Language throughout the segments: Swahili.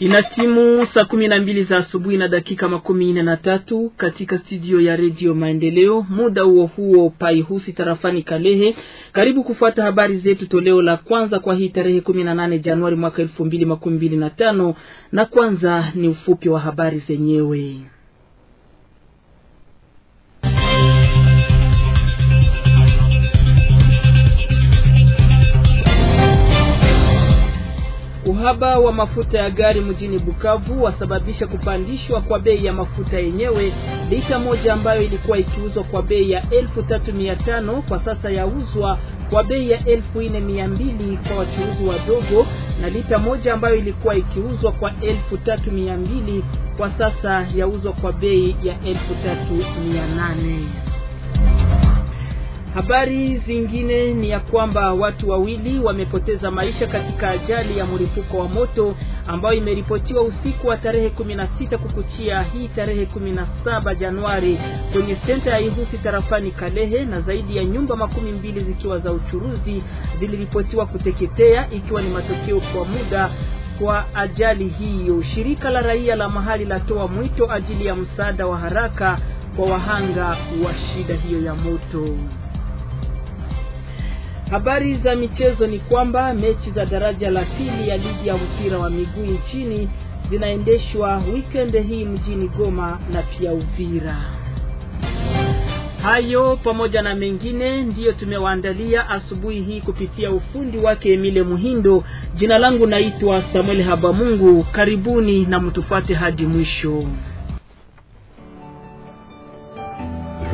Ina simu saa kumi na mbili za asubuhi na dakika makumi nne na tatu katika studio ya redio Maendeleo. Muda huo huo Paihusi tarafani Kalehe, karibu kufuata habari zetu toleo la kwanza kwa hii tarehe kumi na nane Januari mwaka elfu mbili makumi mbili na tano na kwanza ni ufupi wa habari zenyewe. uhaba wa mafuta ya gari mjini Bukavu wasababisha kupandishwa kwa bei ya mafuta yenyewe. Lita moja ambayo ilikuwa ikiuzwa kwa bei ya 3500 kwa sasa yauzwa kwa bei ya 4200 kwa wachuuzi wadogo, na lita moja ambayo ilikuwa ikiuzwa kwa 3200 kwa sasa yauzwa kwa bei ya 3800. Habari zingine ni ya kwamba watu wawili wamepoteza maisha katika ajali ya mlipuko wa moto ambayo imeripotiwa usiku wa tarehe 16 kukuchia hii tarehe 17 Januari kwenye senta ya Ihusi tarafani Kalehe, na zaidi ya nyumba makumi mbili zikiwa za uchuruzi ziliripotiwa kuteketea ikiwa ni matokeo kwa muda kwa ajali hiyo. Shirika la raia la mahali latoa mwito ajili ya msaada wa haraka kwa wahanga wa shida hiyo ya moto. Habari za michezo ni kwamba mechi za daraja la pili ya ligi ya mpira wa miguu nchini zinaendeshwa weekend hii mjini Goma na pia Uvira. Hayo pamoja na mengine ndiyo tumewaandalia asubuhi hii kupitia ufundi wake Emile Muhindo. Jina langu naitwa Samuel Habamungu. Karibuni na mtufuate hadi mwisho.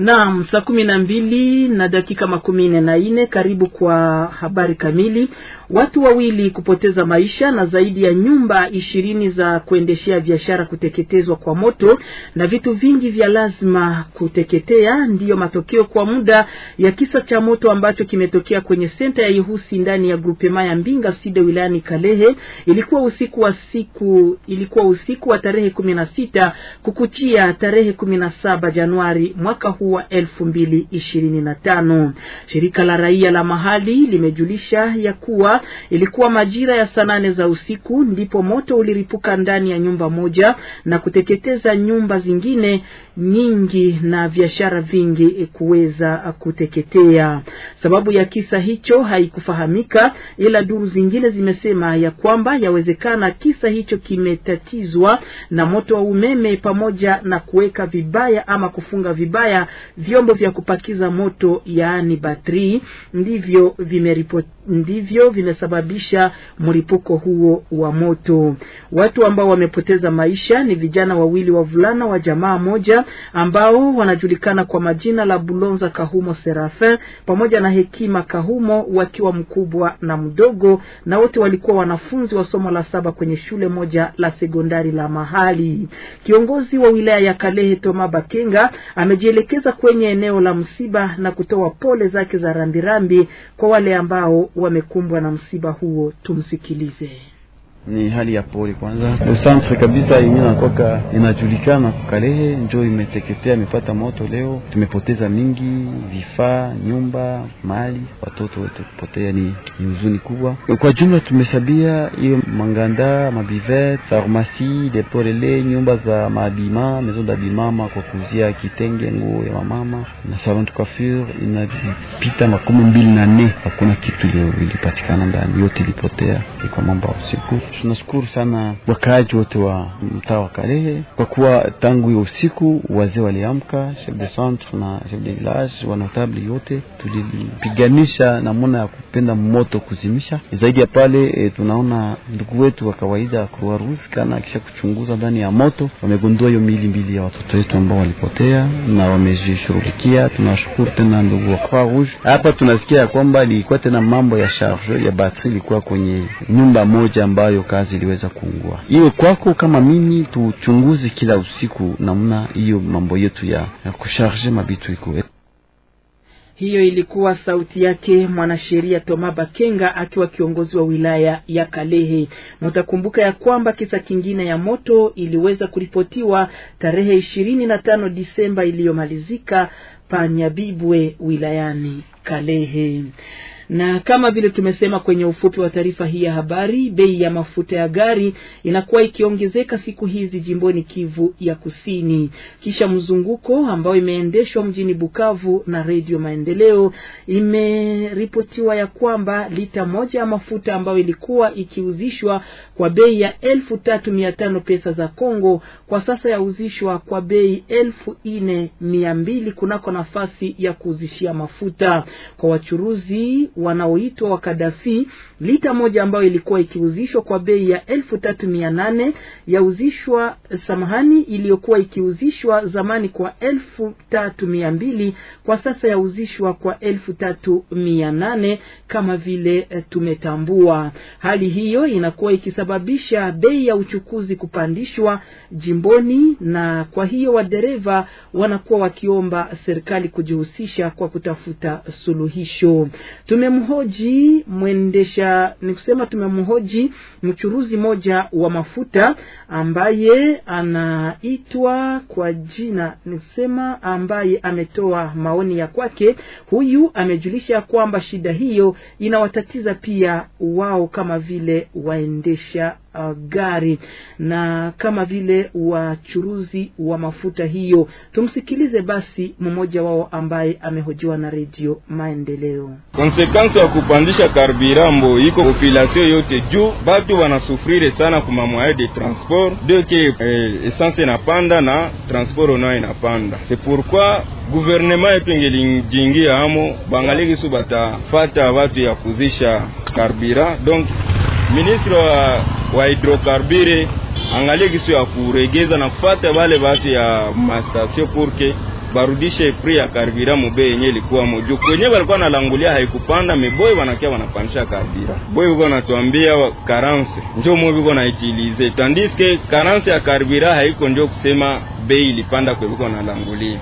Naam, saa kumi na mbili na dakika makumi nne na nne. Karibu kwa habari kamili. Watu wawili kupoteza maisha na zaidi ya nyumba ishirini za kuendeshea biashara kuteketezwa kwa moto na vitu vingi vya lazima kuteketea, ndiyo matokeo kwa muda ya kisa cha moto ambacho kimetokea kwenye senta ya Ihusi ndani ya grupema ya Mbinga Side wilayani Kalehe. Ilikuwa usiku wa siku ilikuwa usiku wa tarehe kumi na sita kukuchia tarehe kumi na saba Januari mwaka huu mkuu 2025. Shirika la raia la mahali limejulisha ya kuwa ilikuwa majira ya saa nane za usiku ndipo moto uliripuka ndani ya nyumba moja na kuteketeza nyumba zingine nyingi na biashara vingi kuweza kuteketea. Sababu ya kisa hicho haikufahamika, ila duru zingine zimesema ya kwamba yawezekana kisa hicho kimetatizwa na moto wa umeme pamoja na kuweka vibaya ama kufunga vibaya vyombo vya kupakiza moto yaani batri ndivyo vimeripoti ndivyo vimesababisha mlipuko huo wa moto. Watu ambao wamepoteza maisha ni vijana wawili wavulana wa jamaa moja ambao wanajulikana kwa majina la Bulonza Kahumo Serafin pamoja na Hekima Kahumo, wakiwa mkubwa na mdogo, na wote walikuwa wanafunzi wa somo la saba kwenye shule moja la sekondari la mahali. Kiongozi wa wilaya ya Kalehe Toma Bakenga amejielekeza kwenye eneo la msiba na kutoa pole zake za rambirambi kwa wale ambao wamekumbwa na msiba huo. Tumsikilize ni hali ya pori kwanza. Centre kabisa yenyewe nakoka inajulikana Kukalehe njo imeteketea, imepata moto leo. Tumepoteza mingi vifaa, nyumba, mali, watoto wetu kupotea, ni huzuni kubwa kwa jumla. Tumesabia hiyo manganda, mabivet, farmasi, deporele, nyumba za mabima, maison dabimama kwa kuuzia kitenge, nguo ya mamama na salon de coiffure, inapita makumi mbili na nne. Hakuna kitu ilipatikana ndani, yote ilipotea. Ni kwa mambo ya usiku Tunashukuru sana wakaaji wote wa mtaa wa Kalehe kwa kuwa tangu hiyo usiku wazee waliamka, chef de centre na chef de village, wanotable yote tulipiganisha namna ya kupenda moto kuzimisha. Zaidi ya pale e, tunaona ndugu wetu wa kawaida Croix Rouge kana kisha kuchunguza ndani ya moto wamegundua hiyo miili mbili ya watoto wetu ambao walipotea na wamezishughulikia. Tunashukuru tena ndugu wa Croix Rouge. Hapa tunasikia ya kwamba ilikuwa tena mambo ya charge ya batri ilikuwa kwenye nyumba moja ambayo hiyo kazi iliweza kuungua. Iwe kwako kama mimi, tuchunguze kila usiku namna hiyo mambo yetu ya, ya kusharge mabitu iko hiyo ilikuwa sauti yake mwanasheria Toma Bakenga akiwa kiongozi wa wilaya ya Kalehe. Mtakumbuka ya kwamba kisa kingine ya moto iliweza kuripotiwa tarehe ishirini na tano Disemba iliyomalizika Panyabibwe wilayani Kalehe. Na kama vile tumesema kwenye ufupi wa taarifa hii ya habari, bei ya mafuta ya gari inakuwa ikiongezeka siku hizi jimboni Kivu ya Kusini, kisha mzunguko ambao imeendeshwa mjini Bukavu na Redio Maendeleo, imeripotiwa ya kwamba lita moja ya mafuta ambayo ilikuwa ikiuzishwa kwa bei ya elfu tatu mia tano pesa za Kongo kwa sasa yauzishwa kwa bei elfu nne mia mbili kunako nafasi ya kuuzishia mafuta kwa wachuruzi wanaoitwa wakadafi, lita moja ambayo ilikuwa ikiuzishwa kwa bei ya elfu tatu mia nane yauzishwa, eh, samahani, iliyokuwa ikiuzishwa zamani kwa elfu tatu mia mbili kwa sasa yauzishwa kwa elfu tatu mia nane kama vile eh, tumetambua. Hali hiyo inakuwa ikisababisha bei ya uchukuzi kupandishwa jimboni, na kwa hiyo wadereva wanakuwa wakiomba serikali kujihusisha kwa kutafuta suluhisho Tume tumemhoji mwendesha, ni kusema tumemhoji mchuruzi moja wa mafuta ambaye anaitwa kwa jina, ni kusema ambaye ametoa maoni ya kwake. Huyu amejulisha kwamba shida hiyo inawatatiza pia wao kama vile waendesha uh, gari na kama vile wachuruzi wa mafuta hiyo. Tumsikilize basi mmoja wao ambaye amehojiwa na redio Maendeleo. Konsekansi ya kupandisha karbirambo iko populasio yote juu, batu wanasufrire sana kuma de transport deke eh, esanse inapanda na transport unayo inapanda, se pourquoi guvernema yetu ingelijingia amo bangaliki su batafata watu ya kuzisha karbira donc ministre wa, wa hidrokarbure angalie kisu ya kuregeza na kufata bale batu ya mastasio purke barudishe pri ya karibira mube yenye ilikuwa moju kwenye walikuwa nalangulia haikupanda miboye, wanakia wanapandisha karibira boye, huko natuambia karanse njo muvi huko naitilize, tandiske karanse ya karibira haiko, njo kusema bei ilipanda kwevuko nalangulia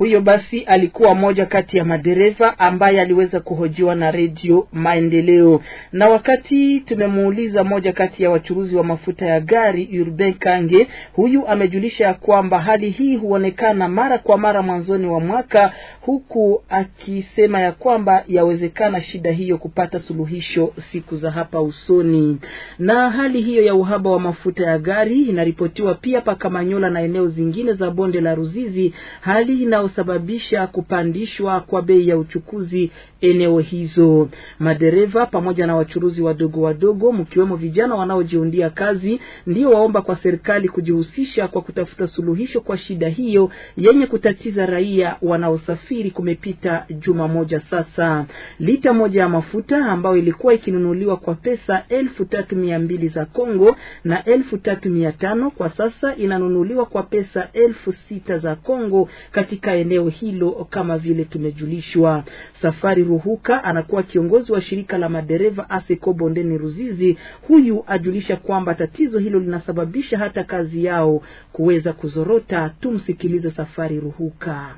huyo basi alikuwa moja kati ya madereva ambaye aliweza kuhojiwa na redio Maendeleo, na wakati tumemuuliza moja kati ya wachuruzi wa mafuta ya gari Urbain Kange, huyu amejulisha ya kwamba hali hii huonekana mara kwa mara mwanzoni wa mwaka, huku akisema ya kwamba yawezekana shida hiyo kupata suluhisho siku za hapa usoni. Na hali hiyo ya uhaba wa mafuta ya gari inaripotiwa pia pa Kamanyola na eneo zingine za bonde la Ruzizi, hali ina yanayosababisha kupandishwa kwa bei ya uchukuzi eneo hizo. Madereva pamoja na wachuruzi wadogo wadogo, mkiwemo vijana wanaojiundia kazi, ndio waomba kwa serikali kujihusisha kwa kutafuta suluhisho kwa shida hiyo yenye kutatiza raia wanaosafiri. Kumepita juma moja sasa, lita moja ya mafuta ambayo ilikuwa ikinunuliwa kwa pesa elfu tatu mia mbili za Kongo na elfu tatu mia tano kwa sasa inanunuliwa kwa pesa elfu sita za Kongo katika eneo hilo kama vile tumejulishwa. Safari Ruhuka anakuwa kiongozi wa shirika la madereva ASECO bondeni Ruzizi. Huyu ajulisha kwamba tatizo hilo linasababisha hata kazi yao kuweza kuzorota. Tumsikilize Safari Ruhuka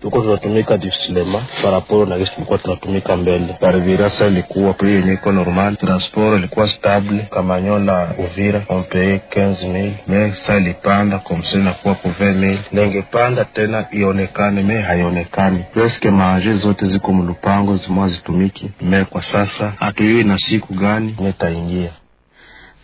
tuko tunatumika dislema paraporo na gesi tulikuwa tunatumika mbele. sa ilikuwa pri yenye iko normal, transport ilikuwa stable. Kamanyola Uvira ompeye 15000 me sa ilipanda komse nakuwa ku 20000 nengepanda tena ionekane me haionekani. Preske maanje zote ziko mulupango zimwa zitumiki me kwa sasa hatuyui na siku gani metaingia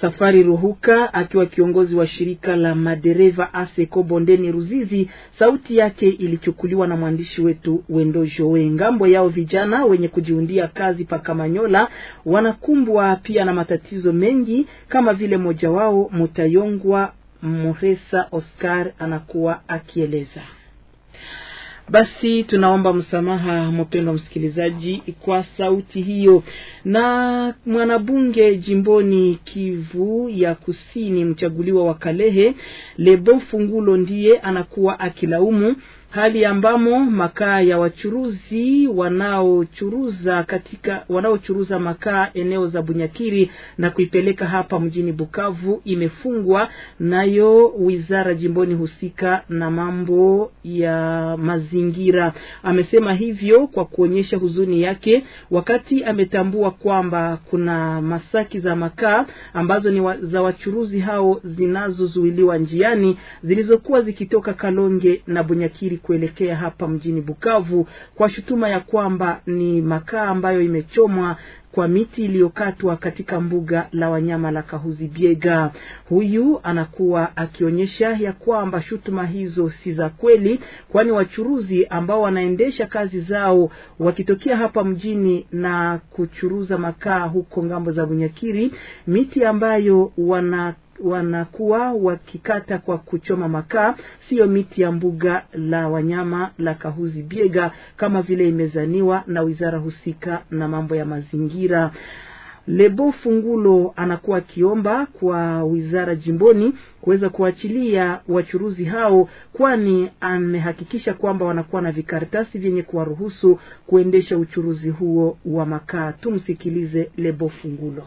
Safari Ruhuka akiwa kiongozi wa shirika la madereva ASECO bondeni Ruzizi. Sauti yake ilichukuliwa na mwandishi wetu Wendo Joe. Ngambo yao vijana wenye kujiundia kazi pa Kamanyola wanakumbwa pia na matatizo mengi, kama vile mmoja wao Mutayongwa Muresa Oscar anakuwa akieleza. Basi tunaomba msamaha mpendwa msikilizaji kwa sauti hiyo. Na mwanabunge jimboni Kivu ya Kusini, mchaguliwa wa Kalehe Lebo Fungulo ndiye anakuwa akilaumu hali ambamo makaa ya wachuruzi wanaochuruza katika wanaochuruza makaa eneo za Bunyakiri na kuipeleka hapa mjini Bukavu imefungwa nayo wizara jimboni husika na mambo ya mazingira. Amesema hivyo kwa kuonyesha huzuni yake wakati ametambua kwamba kuna masaki za makaa ambazo ni wa, za wachuruzi hao zinazozuiliwa njiani zilizokuwa zikitoka Kalonge na Bunyakiri kuelekea hapa mjini Bukavu kwa shutuma ya kwamba ni makaa ambayo imechomwa kwa miti iliyokatwa katika mbuga la wanyama la Kahuzi Biega. Huyu anakuwa akionyesha ya kwamba shutuma hizo si za kweli, kwani wachuruzi ambao wanaendesha kazi zao wakitokea hapa mjini na kuchuruza makaa huko ngambo za Bunyakiri, miti ambayo wana wanakuwa wakikata kwa kuchoma makaa, siyo miti ya mbuga la wanyama la Kahuzi Biega kama vile imezaniwa na wizara husika na mambo ya mazingira. Lebo Fungulo anakuwa akiomba kwa wizara jimboni kuweza kuachilia wachuruzi hao, kwani amehakikisha kwamba wanakuwa na vikaratasi vyenye kuwaruhusu kuendesha uchuruzi huo wa makaa. Tumsikilize Lebo Fungulo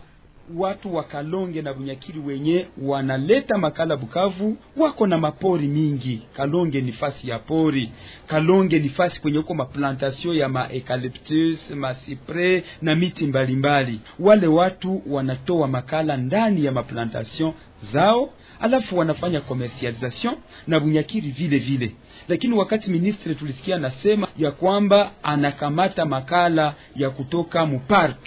watu wa Kalonge na Bunyakiri wenye wanaleta makala Bukavu wako na mapori mingi. Kalonge ni fasi ya pori, Kalonge ni fasi kwenye uko maplantation ya maecalyptus, masipre na miti mbalimbali. Wale watu wanatoa makala ndani ya maplantation zao alafu wanafanya commercialisation na Bunyakiri vile vile. Lakini wakati ministre tulisikia anasema ya kwamba anakamata makala ya kutoka mupark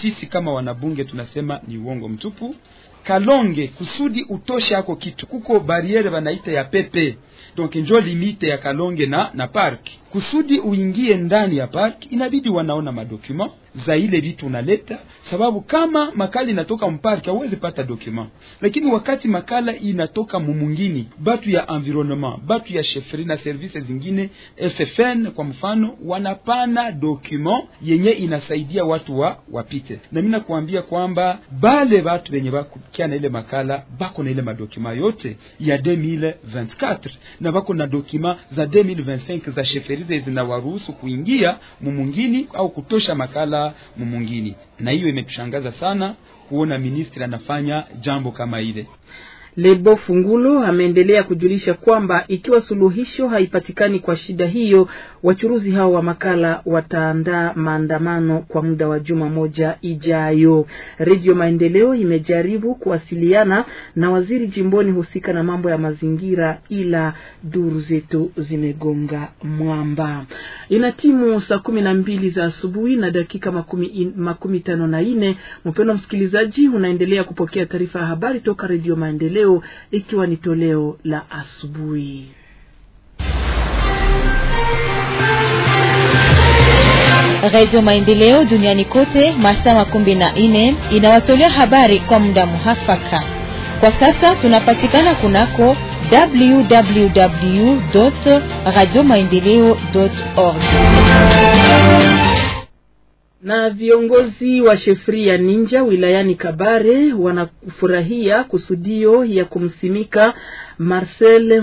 sisi kama wanabunge tunasema ni uongo mtupu. Kalonge kusudi utoshe hako kitu, kuko bariere wanaita ya pepe donc njo limite ya Kalonge na na park Kusudi uingie ndani ya park inabidi wanaona madokuma za ile vitu unaleta, sababu kama makala inatoka mpark hauwezi pata dokuma, lakini wakati makala inatoka mumungini, batu ya environnement, batu ya chefri na service zingine FFN kwa mfano, wanapana dokuma yenye inasaidia watu wa wapite. Na mimi nakuambia kwamba bale watu wenye bakukia na ile makala bako na ile madokuma yote ya 2024 na bako na dokima za 2025 za sheferize zinawaruhusu kuingia mumungini au kutosha makala mumungini, na hiyo imetushangaza sana kuona ministri anafanya jambo kama ile. Lebo Fungulo ameendelea kujulisha kwamba ikiwa suluhisho haipatikani kwa shida hiyo, wachuruzi hao wa makala wataandaa maandamano kwa muda wa juma moja ijayo. Redio Maendeleo imejaribu kuwasiliana na waziri jimboni husika na mambo ya mazingira, ila duru zetu zimegonga mwamba. Ina timu saa kumi na mbili za asubuhi na dakika makumi, in, makumi tano na nne. Mpendwa msikilizaji, unaendelea kupokea taarifa ya habari toka Redio Maendeleo leo ikiwa ni toleo la asubuhi. Radio Maendeleo duniani kote masaa makumi na nne inawatolea habari kwa muda muhafaka. Kwa sasa tunapatikana kunako www radio maendeleo org na viongozi wa Shefri ya Ninja wilayani Kabare wanafurahia kusudio ya kumsimika Marcel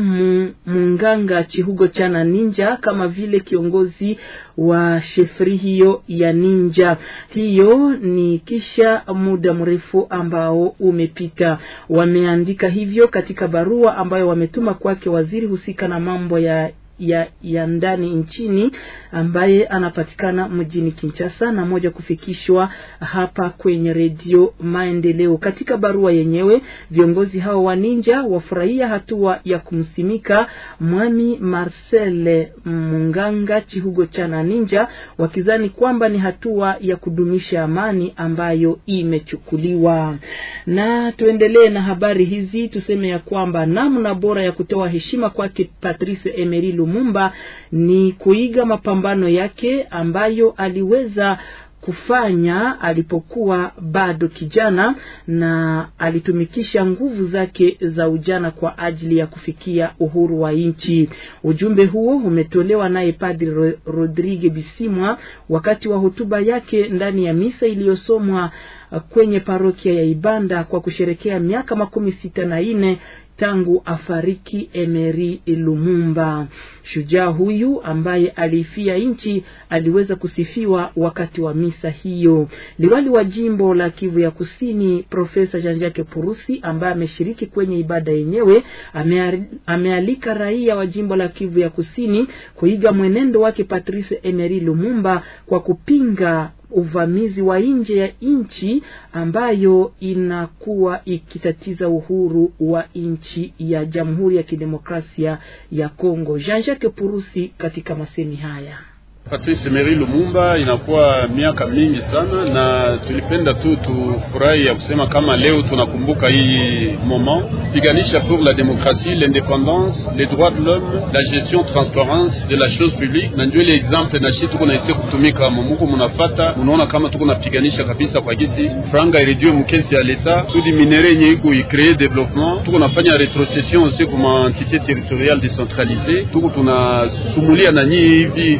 Munganga Chihugo Chana Ninja kama vile kiongozi wa Shefri hiyo ya Ninja. Hiyo ni kisha muda mrefu ambao umepita. Wameandika hivyo katika barua ambayo wametuma kwake waziri husika na mambo ya ya, ya ndani nchini ambaye anapatikana mjini Kinshasa na moja kufikishwa hapa kwenye redio Maendeleo. Katika barua yenyewe, viongozi hao wa Ninja wafurahia hatua ya kumsimika Mwami Marcel Munganga Chihugo Chana Ninja, wakizani kwamba ni hatua ya kudumisha amani ambayo imechukuliwa. Na tuendelee na habari hizi, tuseme ya kwamba namna bora ya kutoa heshima kwake Patrice Emery Lumumba ni kuiga mapambano yake ambayo aliweza kufanya alipokuwa bado kijana na alitumikisha nguvu zake za ujana kwa ajili ya kufikia uhuru wa nchi. Ujumbe huo umetolewa naye Padri Rodrigue Bisimwa wakati wa hotuba yake ndani ya misa iliyosomwa kwenye parokia ya Ibanda kwa kusherekea miaka makumi sita na nne tangu afariki Emery Lumumba. Shujaa huyu ambaye aliifia nchi aliweza kusifiwa wakati wa misa hiyo. Liwali wa jimbo la Kivu ya Kusini, Profesa Jean Jacques Purusi, ambaye ameshiriki kwenye ibada yenyewe, amealika raia wa jimbo la Kivu ya Kusini kuiga mwenendo wake Patrice Emery Lumumba kwa kupinga uvamizi wa nje ya nchi ambayo inakuwa ikitatiza uhuru wa nchi ya Jamhuri ya Kidemokrasia ya Kongo. Jean Jacques Purusi katika masemi haya. Patrice meri Lumumba inakuwa miaka mingi sana, na tulipenda tu tufurahi ya kusema kama leo tunakumbuka hii moment piganisha pour la démocratie l'indépendance les droits de l'homme la gestion transparence de la chose publique, na ndio ile exemple na shi tuko naise kutumika mamuko munafata. munaona kama tuko napiganisha kabisa kwa gisi franga iridiwe mukesi ya leta tudi minere yenye iko icree développement, tuko nafanya retrocession aussi kuma entité territoriale décentralisée, tuko tunasumulia na hivi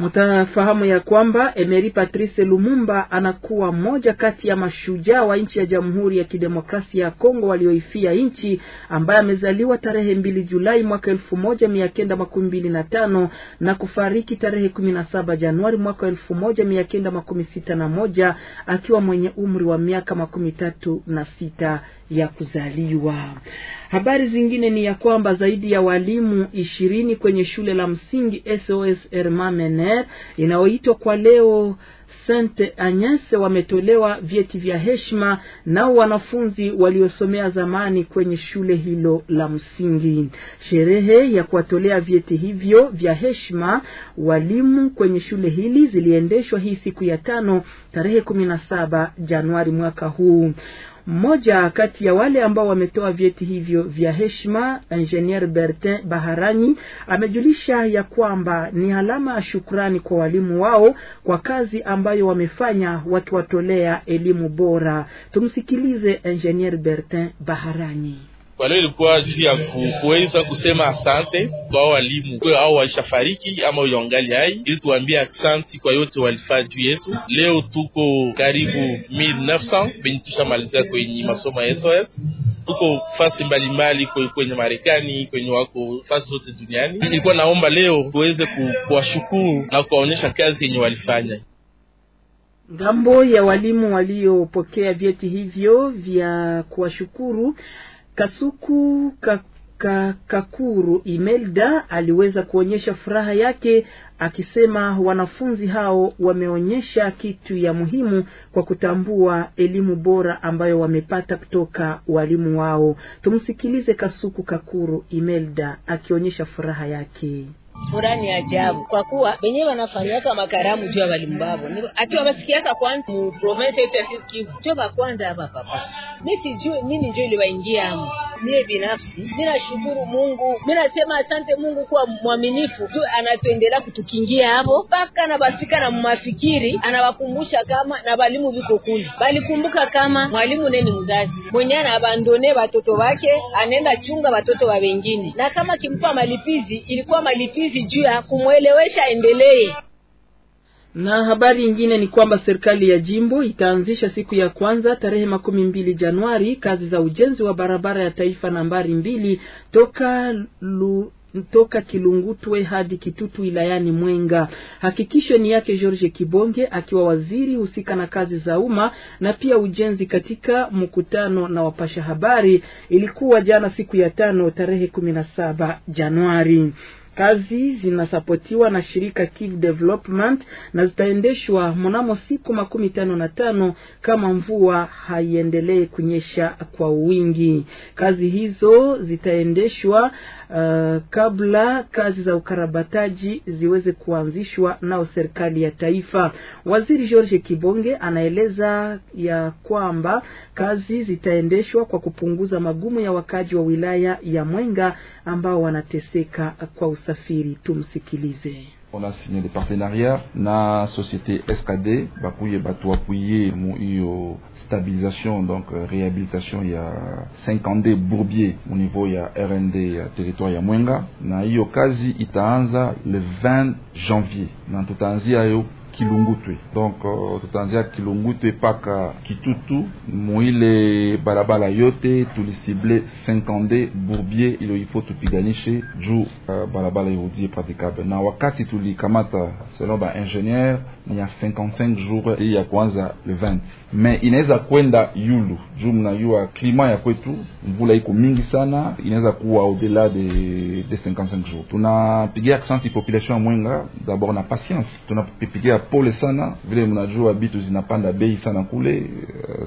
mtafahamu ya kwamba Emery Patrice Lumumba anakuwa mmoja kati ya mashujaa wa nchi ya Jamhuri ya Kidemokrasia ya Kongo walioifia nchi, ambaye amezaliwa tarehe mbili Julai mwaka elfu moja mia kenda makumi mbili na tano na kufariki tarehe kumi na saba Januari mwaka elfu moja mia kenda makumi sita na moja akiwa mwenye umri wa miaka makumi tatu na sita ya kuzaliwa. Habari zingine ni ya kwamba zaidi ya walimu ishirini kwenye shule la msingi SOS Hermanener inayoitwa kwa leo Sante Agnes wametolewa vyeti vya heshima nao wanafunzi waliosomea zamani kwenye shule hilo la msingi. Sherehe ya kuwatolea vyeti hivyo vya heshima walimu kwenye shule hili ziliendeshwa hii siku ya tano tarehe 17 Januari mwaka huu. Mmoja kati ya wale ambao wametoa vyeti hivyo vya heshima, Engineer Bertin Baharani, amejulisha ya kwamba ni alama ya shukrani kwa walimu wao kwa kazi ambayo wamefanya wakiwatolea elimu bora. Tumsikilize Engineer Bertin Baharani. Kwa leo ilikuwa ajili ya kuweza kusema asante kwa walimu au waishafariki ama yangali hai, ili tuambie asante kwa yote walifaa juu yetu. Leo tuko karibu 1900 benye tushamalizia kwenye masomo ya SOS tuko fasi mbalimbali kwenye Marekani, kwenye wako fasi zote duniani. Nilikuwa naomba leo tuweze kuwashukuru na kuwaonyesha kazi yenye walifanya. Ngambo ya walimu waliopokea vyeti hivyo vya kuwashukuru Kasuku Kaka, Kakuru Imelda aliweza kuonyesha furaha yake akisema wanafunzi hao wameonyesha kitu ya muhimu kwa kutambua elimu bora ambayo wamepata kutoka walimu wao. Tumsikilize Kasuku Kakuru Imelda akionyesha furaha yake. Furani ajabu kwa kuwa wenyewe wanafanyaka makaramu juu ya walimu babo, ati wabasikiaka kwanza mu province yetu ya Kivu juu ba kwanza hapa papa. Mimi sijui nini ndio iliwaingia hapo. Mimi binafsi ninashukuru Mungu, mimi nasema asante Mungu kuwa mwaminifu juu anatuendelea kutukingia hapo mpaka na basika na mmafikiri anawakumbusha kama na walimu viko kuli balikumbuka kama mwalimu neni mzazi mwenye anabandone watoto wake anaenda chunga watoto wa wengine, na kama kimpa malipizi ilikuwa malipizi sisi juu ya kumwelewesha endelee. Na habari nyingine ni kwamba serikali ya jimbo itaanzisha siku ya kwanza tarehe makumi mbili Januari kazi za ujenzi wa barabara ya taifa nambari mbili toka lu toka Kilungutwe hadi Kitutu wilayani Mwenga. Hakikisho ni yake George Kibonge akiwa waziri husika na kazi za umma na pia ujenzi. Katika mkutano na wapasha habari ilikuwa jana siku ya tano tarehe kumi na saba Januari. Kazi zinasapotiwa na shirika Kiv Development na zitaendeshwa mnamo siku makumi tano na tano kama mvua haiendelee kunyesha kwa wingi. Kazi hizo zitaendeshwa uh, kabla kazi za ukarabataji ziweze kuanzishwa nao serikali ya taifa. Waziri George Kibonge anaeleza ya kwamba kazi zitaendeshwa kwa kupunguza magumu ya wakaji wa wilaya ya Mwenga ambao wanateseka kwa On a signé des partenariats, la société SKD bakuye y mu stabilisation donc euh, réhabilitation ya 52 bourbier au niveau ya RND territoire ya Mwenga, na kazi itaanza le 20 janvier na tutaanzia Kilungu Donc uh, tutaanzia Kilungu paka Kitutu muile barabara yote tulisible 52 Bourbier, ilo ifo tupiganishe juu uh, barabara irudie praticable, na wakati tulikamata selon ba ingenieur ni ya 55 jours et ya kwanza le 20 mais inaweza kwenda yulu juu mnajua klima ya kwetu mvula iko mingi sana, inaweza kuwa au-delà de, de 55 jours. Tunapigia accent population ya Mwenga d'abord na patience, tunapigia pole sana vile mnajua bitu zinapanda bei sana kule.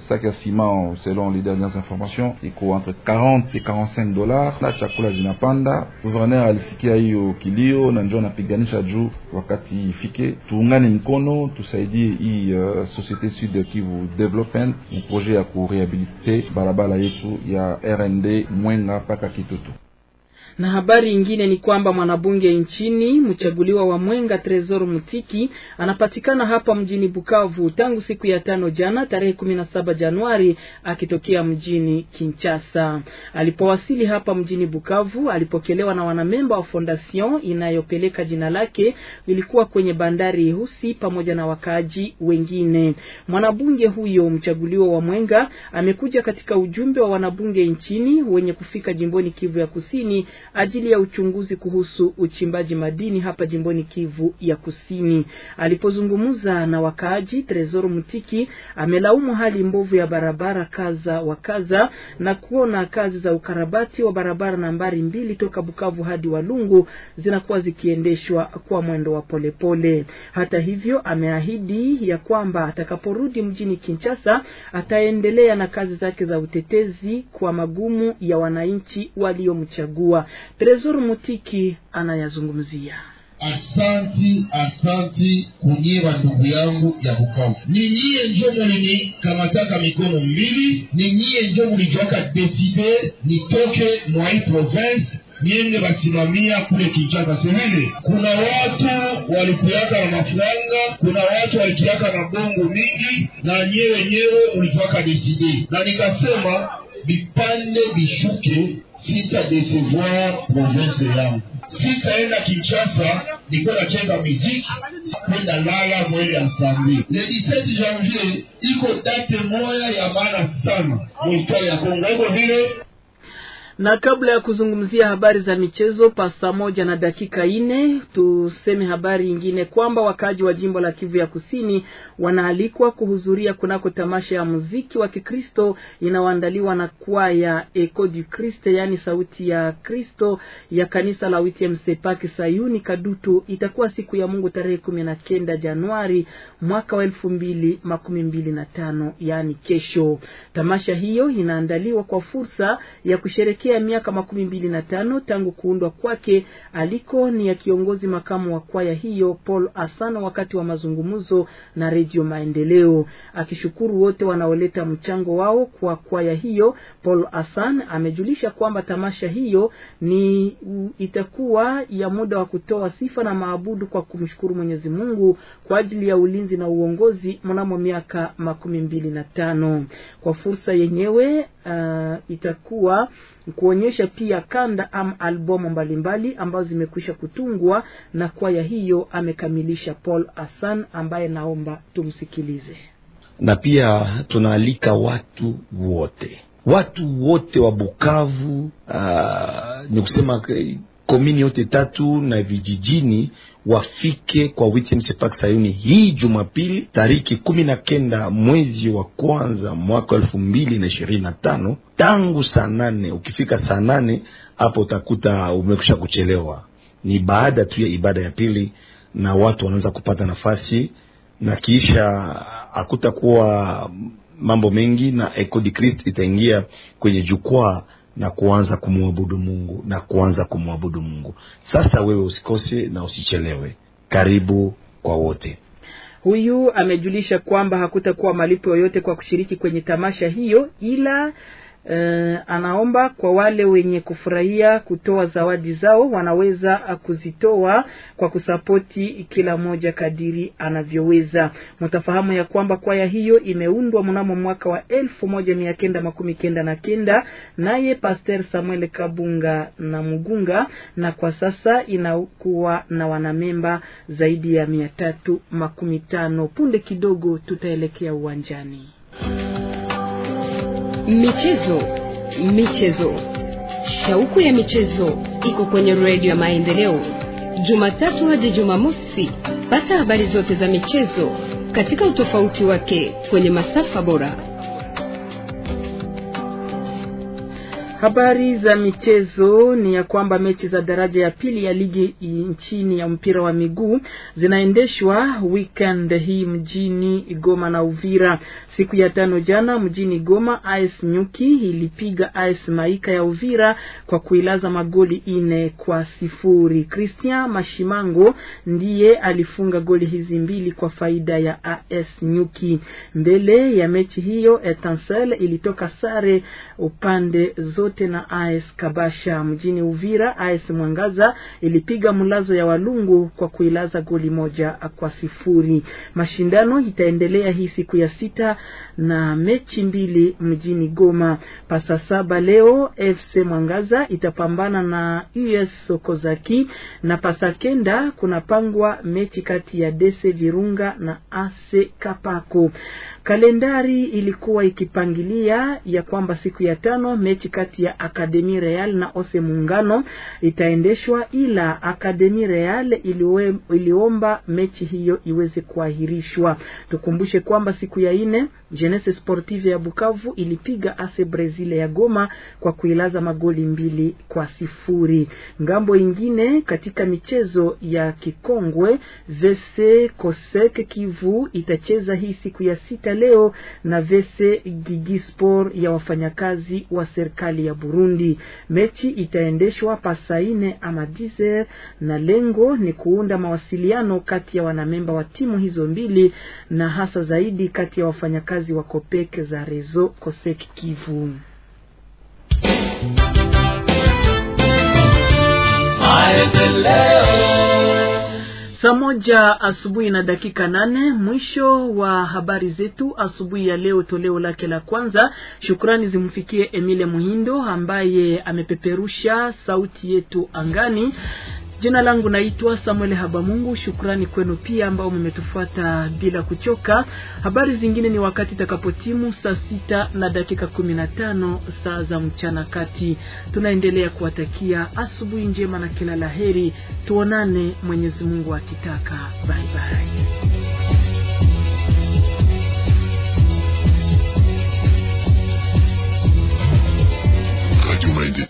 Uh, ya sima selon les dernières informations iko entre 40 et 45 dollars, na chakula zinapanda. Gouverneur alisikia hiyo kilio na ndio anapiganisha juu wakati ifike, tuungane mkono tusaidie hii uh, societe Sud Kivu Development, projet ya kurehabilite barabara yetu ya RND Mwenga mpaka Kitutu. Na habari ingine ni kwamba mwanabunge nchini mchaguliwa wa Mwenga Tresor Mutiki anapatikana hapa mjini Bukavu tangu siku ya tano jana tarehe 17 Januari akitokea mjini Kinshasa. Alipowasili hapa mjini Bukavu alipokelewa na wanamemba wa fondation inayopeleka jina lake, ilikuwa kwenye bandari Husi pamoja na wakaaji wengine. Mwanabunge huyo mchaguliwa wa Mwenga amekuja katika ujumbe wa wanabunge nchini wenye kufika jimboni Kivu ya Kusini ajili ya uchunguzi kuhusu uchimbaji madini hapa jimboni Kivu ya Kusini. Alipozungumza na wakaaji, Tresor Mutiki amelaumu hali mbovu ya barabara kaza wa kaza na kuona kazi za ukarabati wa barabara nambari mbili toka Bukavu hadi Walungu zinakuwa zikiendeshwa kwa mwendo wa polepole. Hata hivyo, ameahidi ya kwamba atakaporudi mjini Kinshasa ataendelea na kazi zake za utetezi kwa magumu ya wananchi waliomchagua. Tresor Mutiki anayazungumzia. Asanti, asanti kunyiwa ndugu yangu ya Bukavu, ninyie njo mulinikamata mikono mbili, nyie njo mulijwaka deside nitoke mwa hii province niende basimamia kule Kinshasa sevile. Kuna watu walikuyaka na mafuranga kuna watu walikuyaka na bongo mingi, na nyewe nyewe ulijwaka deside, na nikasema vipande vishuke sitadecevoir province yangu, sitaenda Kinshasa niko nacheza miziki kwenda lala mwele asambi. Le 17 janvier iko date moya ya maana sana muhistwari ya Kongo, iko vile na kabla ya kuzungumzia habari za michezo pasa moja na dakika ine, tuseme habari ingine kwamba wakaaji wa jimbo la Kivu ya Kusini wanaalikwa kuhudhuria kunako tamasha ya muziki wa Kikristo inayoandaliwa na kwaya Eco du Christe, yaani sauti ya Kristo ya kanisa la Witmsepak Sayuni Kadutu. Itakuwa siku ya Mungu tarehe kumi na kenda Januari mwaka wa elfu mbili makumi mbili na tano yaani kesho. Tamasha hiyo inaandaliwa kwa fursa ya kusherehekea kusherekea miaka makumi mbili na tano tangu kuundwa kwake. Aliko ni ya kiongozi makamu wa kwaya hiyo Paul Asano wakati wa mazungumzo na Redio Maendeleo, akishukuru wote wanaoleta mchango wao kwa kwaya hiyo. Paul Asan amejulisha kwamba tamasha hiyo ni itakuwa ya muda wa kutoa sifa na maabudu kwa kumshukuru Mwenyezi Mungu kwa ajili ya ulinzi na uongozi mnamo miaka makumi mbili na tano kwa fursa yenyewe uh, itakuwa kuonyesha pia kanda ama albomu mbalimbali ambazo zimekwisha kutungwa na kwaya hiyo. Amekamilisha Paul Hassan ambaye naomba tumsikilize. Na pia tunaalika watu wote, watu wote wa Bukavu, uh, ni kusema komini eh, yote tatu na vijijini wafike kwa WTMC Park Sayuni hii Jumapili tariki kumi na kenda mwezi wa kwanza mwaka elfu mbili na ishirini na tano tangu saa nane. Ukifika saa nane hapo utakuta umekusha kuchelewa, ni baada tu ya ibada ya pili, na watu wanaweza kupata nafasi na kisha hakutakuwa mambo mengi, na Echo de Christ itaingia kwenye jukwaa na kuanza kumwabudu Mungu na kuanza kumwabudu Mungu. Sasa wewe usikose na usichelewe. Karibu kwa wote. Huyu amejulisha kwamba hakutakuwa malipo yoyote kwa kushiriki kwenye tamasha hiyo ila Uh, anaomba kwa wale wenye kufurahia kutoa zawadi zao wanaweza kuzitoa kwa kusapoti kila moja kadiri anavyoweza. Mtafahamu ya kwamba kwaya hiyo imeundwa mnamo mwaka wa elfu moja mia kenda makumi kenda na kenda naye Pasteur Samuel Kabunga na Mugunga, na kwa sasa inakuwa na wanamemba zaidi ya mia tatu makumi tano. Punde kidogo tutaelekea uwanjani. Michezo, michezo, shauku ya michezo iko kwenye redio ya Maendeleo, Jumatatu hadi Jumamosi. Pata habari zote za michezo katika utofauti wake kwenye masafa bora. Habari za michezo ni ya kwamba mechi za daraja ya pili ya ligi nchini ya mpira wa miguu zinaendeshwa weekend hii mjini Goma na Uvira. Siku ya tano jana mjini Goma, AS Nyuki ilipiga AS Maika ya Uvira kwa kuilaza magoli ine kwa sifuri. Christian Mashimango ndiye alifunga goli hizi mbili kwa faida ya AS Nyuki. Mbele ya mechi hiyo, Etansel ilitoka sare upande zote na AS Kabasha. Mjini Uvira, AS Mwangaza ilipiga mlazo ya Walungu kwa kuilaza goli moja kwa sifuri. Mashindano itaendelea hii siku ya sita na mechi mbili mjini Goma. Pasa saba leo FC Mwangaza itapambana na US Sokozaki na pasa kenda kunapangwa mechi kati ya Dese Virunga na AC Kapako. Kalendari ilikuwa ikipangilia ya kwamba siku ya tano mechi kati ya Akademi Real na Ose Muungano itaendeshwa, ila Akademi Real iliwe, iliomba mechi hiyo iweze kuahirishwa. Tukumbushe kwamba siku ya ine Jeunesse Sportive ya Bukavu ilipiga Ase Brezile ya Goma kwa kuilaza magoli mbili kwa sifuri. Ngambo ingine katika michezo ya kikongwe, VC Kosek Kivu itacheza hii siku ya sita leo na VC Gigi Sport ya wafanyakazi wa serikali ya Burundi. Mechi itaendeshwa pasaine ama dizer, na lengo ni kuunda mawasiliano kati ya wanamemba wa timu hizo mbili na hasa zaidi kati ya wafanya wafanyakazi wa Kopek za Rezo Kosek Kivu. Saa moja asubuhi na dakika nane. Mwisho wa habari zetu asubuhi ya leo, toleo lake la kwanza. Shukrani zimfikie Emile Muhindo ambaye amepeperusha sauti yetu angani. Jina langu naitwa Samuel Habamungu. Shukrani kwenu pia ambao mmetufuata bila kuchoka. Habari zingine ni wakati itakapotimu saa sita na dakika kumi na tano saa za mchana kati. Tunaendelea kuwatakia asubuhi njema na kila laheri, tuonane Mwenyezi Mungu akitaka. Bye bye.